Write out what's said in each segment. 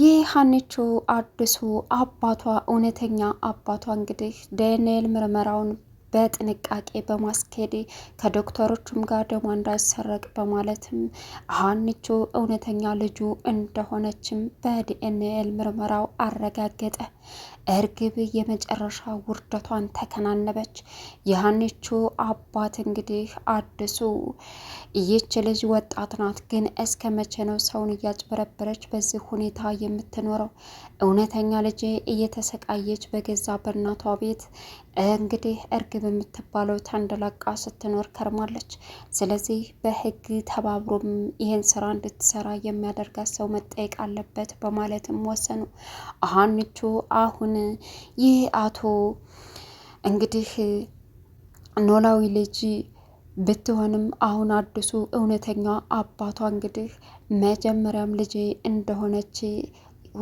ይህ ሀኒቾ አዲሱ አባቷ እውነተኛ አባቷ እንግዲህ ዴንኤል ምርመራውን በጥንቃቄ በማስኬድ ከዶክተሮቹም ጋር ደሞ እንዳይሰረቅ በማለትም ሀኒቾ እውነተኛ ልጁ እንደሆነችም በዲኤንኤ ምርመራው አረጋገጠ። እርግብ የመጨረሻ ውርደቷን ተከናነበች። የሀኒቹ አባት እንግዲህ አድሱ ይች ልጅ ወጣት ናት፣ ግን እስከ መቼ ነው ሰውን እያጭበረበረች በዚህ ሁኔታ የምትኖረው? እውነተኛ ልጅ እየተሰቃየች በገዛ በእናቷ ቤት እንግዲህ እርግብ የምትባለው ተንደላቃ ስትኖር ከርማለች። ስለዚህ በህግ ተባብሮም ይህን ስራ እንድትሰራ የሚያደርጋት ሰው መጠየቅ አለበት በማለትም ወሰኑ። ሀኒቹ አሁን ሲሆን ይህ አቶ እንግዲህ ኖላዊ ልጅ ብትሆንም አሁን አዲሱ እውነተኛ አባቷ እንግዲህ መጀመሪያም ልጄ እንደሆነች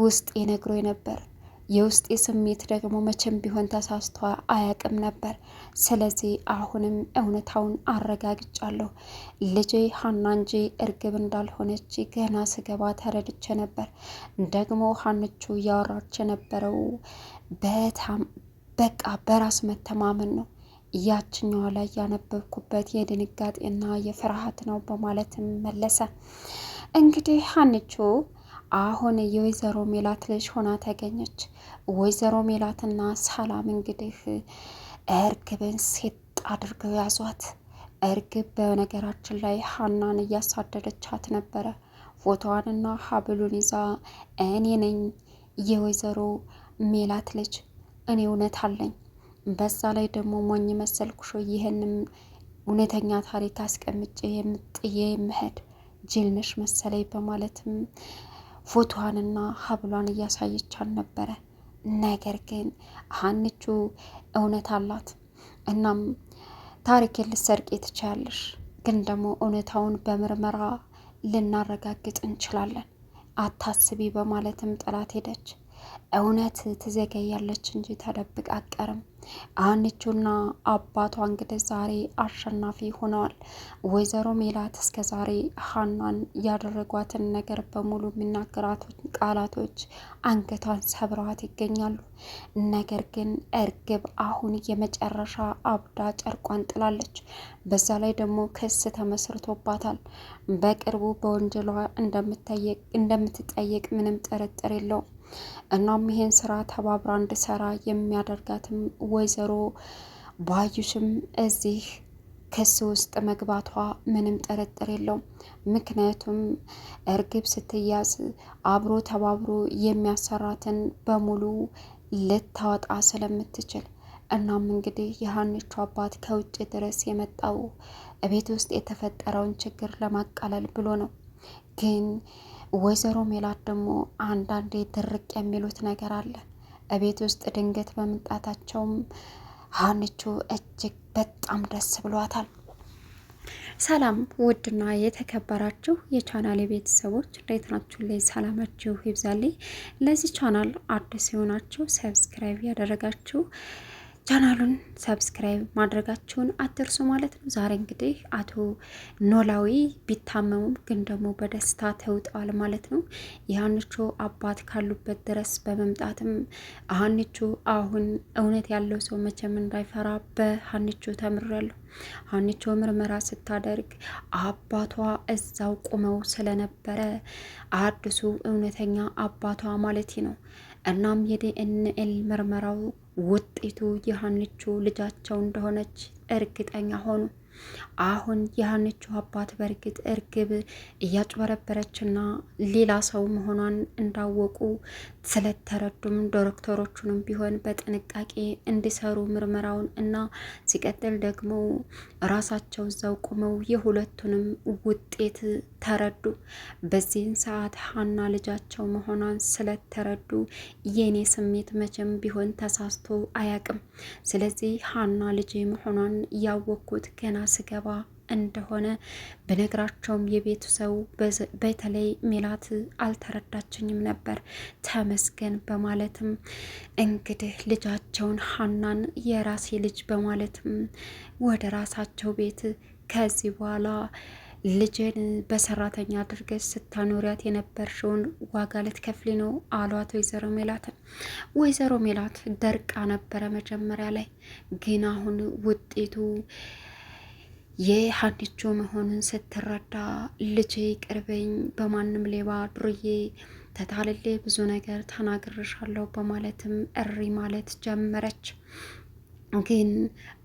ውስጥ ይነግሮ ነበር። የውስጤ ስሜት ደግሞ መቼም ቢሆን ተሳስቶ አያቅም ነበር። ስለዚህ አሁንም እውነታውን አረጋግጫለሁ። ልጄ ሀና እንጂ እርግብ እንዳልሆነች ገና ስገባ ተረድቼ ነበር። ደግሞ ሀንቹ እያወራች የነበረው በጣም በቃ በራስ መተማመን ነው። ያችኛዋ ላይ ያነበብኩበት የድንጋጤና የፍርሃት ነው በማለትም መለሰ። እንግዲህ ሀንቹ አሁን የወይዘሮ ሜላት ልጅ ሆና ተገኘች። ወይዘሮ ሜላትና ሰላም እንግዲህ እርግብን ሴት አድርገው ያዟት። እርግብ በነገራችን ላይ ሀናን እያሳደደቻት ነበረ። ፎቶዋንና ሀብሉን ይዛ እኔ ነኝ የወይዘሮ ሜላት ልጅ፣ እኔ እውነት አለኝ፣ በዛ ላይ ደግሞ ሞኝ መሰልኩሽ፣ ይህንም እውነተኛ ታሪክ አስቀምጬ የምጥዬ ምሄድ ጅልነሽ መሰለኝ በማለትም ፎቶዋንና ሀብሏን እያሳየች አልነበረ። ነገር ግን ሀንቹ እውነት አላት። እናም ታሪክ ልትሰርቂ ትችያለሽ፣ ግን ደግሞ እውነታውን በምርመራ ልናረጋግጥ እንችላለን፣ አታስቢ በማለትም ጥላት ሄደች። እውነት ትዘገያለች እንጂ ተደብቃ አቀርም። አንቹና አባቷ እንግዲህ ዛሬ አሸናፊ ሆነዋል። ወይዘሮ ሜላት እስከ ዛሬ ሀናን ያደረጓትን ነገር በሙሉ የሚናገራት ቃላቶች አንገቷን ሰብረዋት ይገኛሉ። ነገር ግን እርግብ አሁን የመጨረሻ አብዳ ጨርቋን ጥላለች። በዛ ላይ ደግሞ ክስ ተመስርቶባታል። በቅርቡ በወንጀሏ እንደምትጠየቅ ምንም ጥርጥር የለውም። እናም ይሄን ስራ ተባብራ እንድሰራ የሚያደርጋትም ወይዘሮ ባዩሽም እዚህ ክስ ውስጥ መግባቷ ምንም ጥርጥር የለውም። ምክንያቱም እርግብ ስትያዝ አብሮ ተባብሮ የሚያሰራትን በሙሉ ልታወጣ ስለምትችል እናም እንግዲህ የሀንቹ አባት ከውጭ ድረስ የመጣው ቤት ውስጥ የተፈጠረውን ችግር ለማቃለል ብሎ ነው ግን ወይዘሮ ሜላት ደግሞ አንዳንዴ ድርቅ የሚሉት ነገር አለ። እቤት ውስጥ ድንገት በመምጣታቸውም ሀንቹ እጅግ በጣም ደስ ብሏታል። ሰላም ውድና የተከበራችሁ የቻናል ቤተሰቦች እንዴት ናችሁ? ላይ ሰላማችሁ ይብዛልኝ። ለዚህ ቻናል አዲስ የሆናችሁ ሰብስክራይብ ያደረጋችሁ ቻናሉን ሰብስክራይብ ማድረጋችሁን አትርሱ ማለት ነው። ዛሬ እንግዲህ አቶ ኖላዊ ቢታመሙም ግን ደግሞ በደስታ ተውጠዋል ማለት ነው። የሀንቾ አባት ካሉበት ድረስ በመምጣትም ሀንቾ አሁን እውነት ያለው ሰው መቼም እንዳይፈራ በሀንቾ ተምሬያለሁ። ሀንቾ ምርመራ ስታደርግ አባቷ እዛው ቁመው ስለነበረ አዲሱ እውነተኛ አባቷ ማለት ነው። እናም የዲኤንኤ ምርመራው ውጤቱ የሀንቹ ልጃቸው እንደሆነች እርግጠኛ ሆኑ። አሁን የሀንቹ አባት በእርግጥ እርግብ እያጭበረበረችና ሌላ ሰው መሆኗን እንዳወቁ ስለተረዱም ዶክተሮቹንም ቢሆን በጥንቃቄ እንዲሰሩ ምርመራውን እና ሲቀጥል ደግሞ ራሳቸው እዛው ቁመው የሁለቱንም ውጤት ተረዱ። በዚህን ሰዓት ሀና ልጃቸው መሆኗን ስለተረዱ የኔ ስሜት መቼም ቢሆን ተሳስቶ አያቅም። ስለዚህ ሀና ልጄ መሆኗን ያወቅኩት ገና ስገባ እንደሆነ በነግራቸውም የቤቱ ሰው በተለይ ሜላት አልተረዳችኝም ነበር፣ ተመስገን በማለትም እንግዲህ ልጃቸውን ሀናን የራሴ ልጅ በማለትም ወደ ራሳቸው ቤት ከዚህ በኋላ ልጅን በሰራተኛ አድርገሽ ስታኖሪያት የነበርሽውን ዋጋ ልትከፍሊ ነው አሏት ወይዘሮ ሜላት። ወይዘሮ ሜላት ደርቃ ነበረ መጀመሪያ ላይ፣ ግን አሁን ውጤቱ የሀዲቾ መሆኑን ስትረዳ ልጄ ቅርበኝ፣ በማንም ሌባ ዱርዬ ተታልሌ ብዙ ነገር ተናግርሻለሁ በማለትም እሪ ማለት ጀመረች። ግን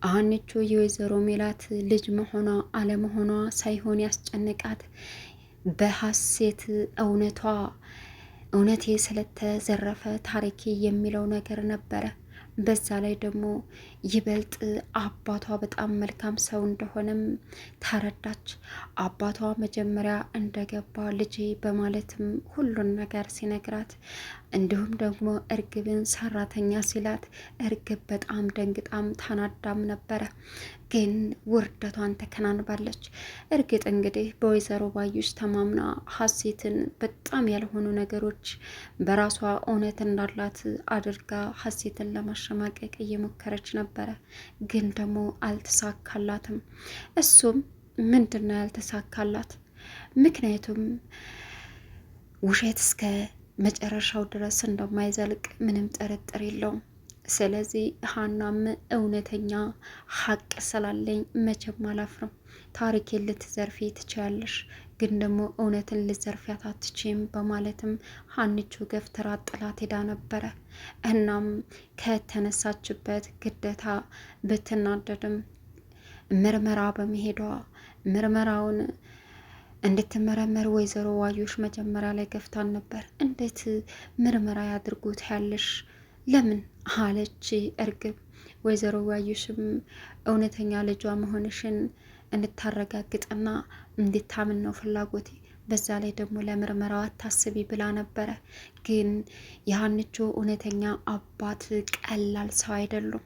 አህንቹ የወይዘሮ ሜላት ልጅ መሆኗ አለመሆኗ ሳይሆን ያስጨነቃት በሀሴት እውነቷ እውነቴ ስለተዘረፈ ታሪኬ የሚለው ነገር ነበረ። በዛ ላይ ደግሞ ይበልጥ አባቷ በጣም መልካም ሰው እንደሆነም ተረዳች። አባቷ መጀመሪያ እንደገባ ልጄ በማለትም ሁሉን ነገር ሲነግራት እንዲሁም ደግሞ እርግብን ሰራተኛ ሲላት እርግብ በጣም ደንግጣም ታናዳም ነበረ። ግን ውርደቷን ተከናንባለች። እርግጥ እንግዲህ በወይዘሮ ባዩሽ ተማምና ሀሴትን በጣም ያልሆኑ ነገሮች በራሷ እውነት እንዳላት አድርጋ ሀሴትን ለማሸማቀቅ እየሞከረች ነበረ። ግን ደግሞ አልተሳካላትም። እሱም ምንድን ነው ያልተሳካላት? ምክንያቱም ውሸት እስከ መጨረሻው ድረስ እንደማይዘልቅ ምንም ጥርጥር የለውም። ስለዚህ ሀናም እውነተኛ ሀቅ ስላለኝ መቼም አላፍርም፣ ታሪኬን ልትዘርፊ ትችያለሽ፣ ግን ደግሞ እውነትን ልትዘርፊያት አትችም በማለትም ሀንቹ ገፍትራ ጥላት ሄዳ ነበረ። እናም ከተነሳችበት ግደታ ብትናደድም ምርመራ በመሄዷ ምርመራውን እንድትመረመር ወይዘሮ ዋዮሽ መጀመሪያ ላይ ገፍታን ነበር። እንዴት ምርመራ ያድርጉት ያለሽ ለምን አለች እርግብ። ወይዘሮ ባዩሽም እውነተኛ ልጇ መሆንሽን እንድታረጋግጥና እንድታምን ነው ፍላጎቴ፣ በዛ ላይ ደግሞ ለምርመራው አታስቢ ብላ ነበረ። ግን የሀንቾ እውነተኛ አባት ቀላል ሰው አይደሉም።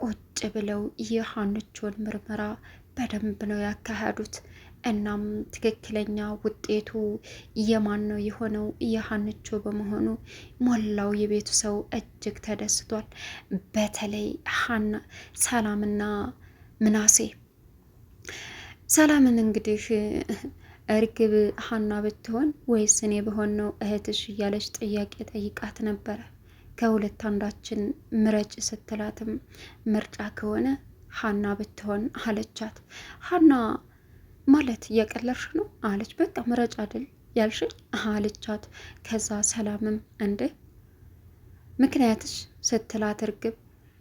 ቁጭ ብለው የሀንቾን ምርመራ በደንብ ነው ያካሄዱት። እናም ትክክለኛ ውጤቱ የማን ነው የሆነው? የሀንቾ በመሆኑ ሞላው የቤቱ ሰው እጅግ ተደስቷል። በተለይ ሀና ሰላምና ምናሴ ሰላምን እንግዲህ እርግብ ሀና ብትሆን ወይስ እኔ በሆን ነው እህትሽ እያለች ጥያቄ ጠይቃት ነበረ። ከሁለት አንዳችን ምረጭ ስትላትም ምርጫ ከሆነ ሀና ብትሆን አለቻት። ሀና ማለት እየቀለድሽ ነው አለች። በቃ ምረጭ አይደል ያልሽኝ አለቻት። ከዛ ሰላምም እንዴ ምክንያትሽ ስትላት እርግብ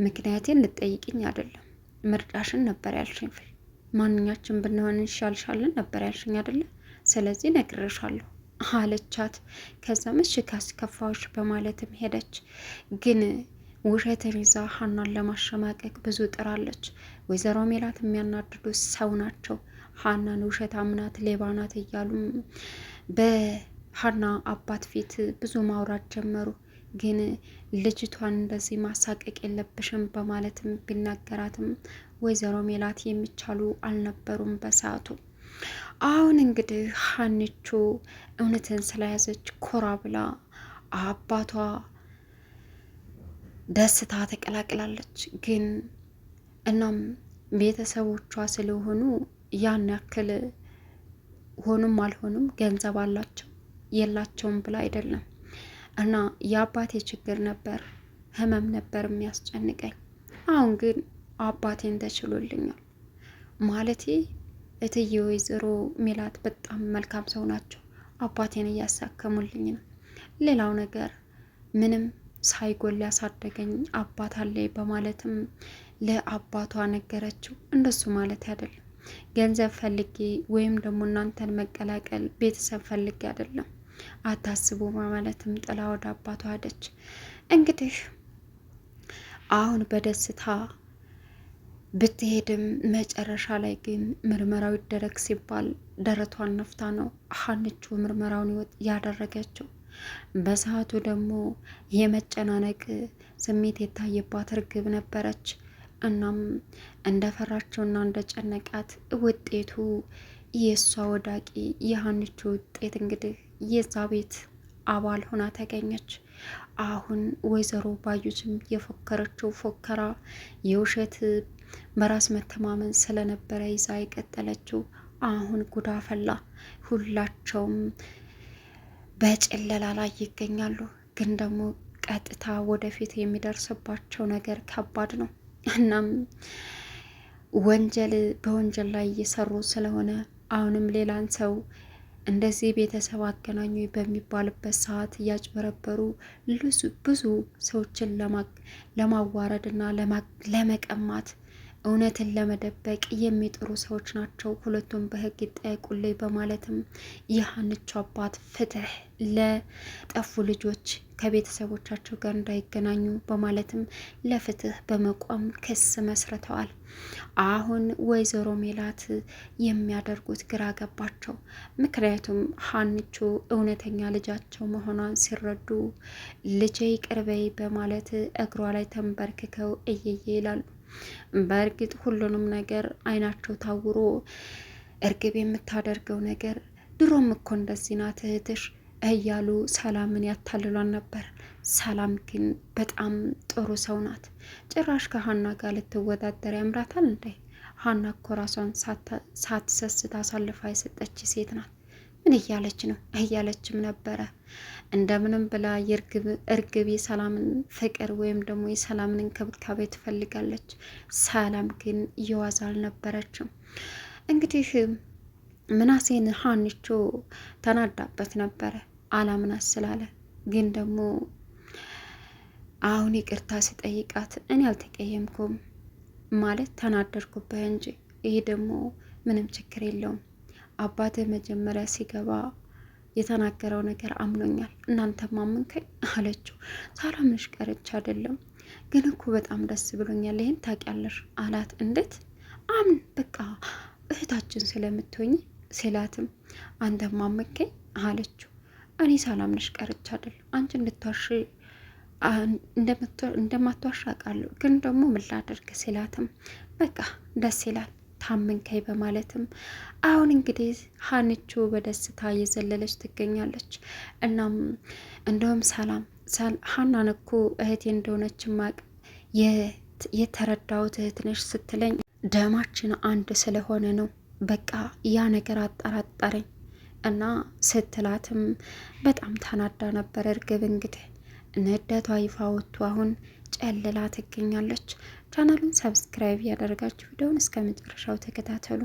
ምክንያቴን ልጠይቅኝ አይደለም ምርጫሽን ነበር ያልሽኝ ፍል ማንኛችን ብንሆን እንሻልሻለን ነበር ያልሽኝ አይደለ? ስለዚህ ነግርሻለሁ አለቻት። ከዛም እሺ ካስከፋዎች በማለትም ሄደች ግን ውሸትን ይዛ ሀናን ለማሸማቀቅ ብዙ ጥራለች። ወይዘሮ ሜላት የሚያናድዱ ሰው ናቸው። ሀናን ውሸት አምናት ሌባናት እያሉም በሀና አባት ፊት ብዙ ማውራት ጀመሩ። ግን ልጅቷን እንደዚህ ማሳቀቅ የለብሽም በማለትም ቢናገራትም ወይዘሮ ሜላት የሚቻሉ አልነበሩም በሰዓቱ። አሁን እንግዲህ ሀኒቹ እውነትን ስለያዘች ኮራ ብላ አባቷ ደስታ ተቀላቅላለች። ግን እናም ቤተሰቦቿ ስለሆኑ ያን ያክል ሆኑም አልሆኑም ገንዘብ አላቸው የላቸውም ብላ አይደለም እና የአባቴ ችግር ነበር ህመም ነበር የሚያስጨንቀኝ። አሁን ግን አባቴን ተችሎልኛል። ማለቴ እትዬ ወይዘሮ ሜላት በጣም መልካም ሰው ናቸው። አባቴን እያሳከሙልኝ ነው። ሌላው ነገር ምንም ሳይጎል ያሳደገኝ አባት አለኝ በማለትም ለአባቷ ነገረችው። እንደሱ ማለት አይደለም ገንዘብ ፈልጌ ወይም ደግሞ እናንተን መቀላቀል ቤተሰብ ፈልጌ አይደለም አታስቡ በማለትም ጥላ ወደ አባቷ ሄደች። እንግዲህ አሁን በደስታ ብትሄድም መጨረሻ ላይ ግን ምርመራው ይደረግ ሲባል ደረቷን ነፍታ ነው ሀንቹ ምርመራውን ያደረገችው። በሰዓቱ ደግሞ የመጨናነቅ ስሜት የታየባት እርግብ ነበረች። እናም እንደፈራቸውና እንደጨነቃት ውጤቱ የእሷ ወዳቂ የሀንቹ ውጤት እንግዲህ የዛ ቤት አባል ሆና ተገኘች። አሁን ወይዘሮ ባዩትም የፎከረችው ፎከራ የውሸት በራስ መተማመን ስለነበረ ይዛ የቀጠለችው አሁን ጉዳ ፈላ ሁላቸውም በጨለላ ላይ ይገኛሉ። ግን ደግሞ ቀጥታ ወደፊት የሚደርስባቸው ነገር ከባድ ነው። እናም ወንጀል በወንጀል ላይ እየሰሩ ስለሆነ አሁንም ሌላን ሰው እንደዚህ ቤተሰብ አገናኙ በሚባልበት ሰዓት እያጭበረበሩ ብዙ ሰዎችን ለማዋረድ እና ለመቀማት እውነትን ለመደበቅ የሚጥሩ ሰዎች ናቸው። ሁለቱም በህግ ይጠየቁልኝ በማለትም የሀንቹ አባት ፍትህ ለጠፉ ልጆች ከቤተሰቦቻቸው ጋር እንዳይገናኙ በማለትም ለፍትህ በመቋም ክስ መስርተዋል። አሁን ወይዘሮ ሜላት የሚያደርጉት ግራ ገባቸው። ምክንያቱም ሀንቹ እውነተኛ ልጃቸው መሆኗን ሲረዱ ልጄ ቅርበይ በማለት እግሯ ላይ ተንበርክከው እየዬ ይላሉ። በእርግጥ ሁሉንም ነገር አይናቸው ታውሮ እርግብ የምታደርገው ነገር ድሮም እኮ እንደዚህ ናት እህትሽ እያሉ ሰላምን ያታልሏን ነበር። ሰላም ግን በጣም ጥሩ ሰው ናት። ጭራሽ ከሀና ጋር ልትወዳደር ያምራታል እንዴ? ሀና እኮ ራሷን ሳትሰስት አሳልፋ የሰጠች ሴት ናት። ምን እያለች ነው እያለችም ነበረ። እንደምንም ብላ እርግብ የሰላምን ፍቅር ወይም ደግሞ የሰላምን እንክብካቤ ትፈልጋለች። ሰላም ግን እየዋዛ አልነበረችም። እንግዲህ ምናሴን ሀንቾ ተናዳበት ነበረ አላምናት ስላለ ግን ደግሞ አሁን ይቅርታ ሲጠይቃት እኔ አልተቀየምኩም ማለት ተናደድኩብህ እንጂ ይሄ ደግሞ ምንም ችግር የለውም አባት መጀመሪያ ሲገባ የተናገረው ነገር አምኖኛል፣ እናንተም አመንከኝ አለችው። ሳላምንሽ ቀረች አይደለም ግን እኮ በጣም ደስ ብሎኛል፣ ይህን ታውቂያለሽ አላት። እንዴት አምን በቃ እህታችን ስለምትሆኝ ሲላትም አንተም አመንከኝ አለችው። እኔ ሳላምንሽ ቀረች አይደለም አንቺ እንድትዋሽ እንደማትዋሽ አውቃለሁ፣ ግን ደግሞ ምን ላደርግ ሲላትም በቃ ደስ ይላል ታመንከኝ በማለትም አሁን እንግዲህ ሀንቹ በደስታ እየዘለለች ትገኛለች። እናም እንደውም ሰላም ሀናን እኮ እህቴ እንደሆነች ማቅ የተረዳሁት እህት ነሽ ስትለኝ ደማችን አንድ ስለሆነ ነው በቃ ያ ነገር አጠራጠረኝ እና ስትላትም በጣም ተናዳ ነበር እርግብ። እንግዲህ ንደቷ ይፋ ወጥቶ አሁን ጨልላ ትገኛለች። ቻናሉን ሰብስክራይብ ያደረጋችሁ ቪዲዮውን እስከ መጨረሻው ተከታተሉ።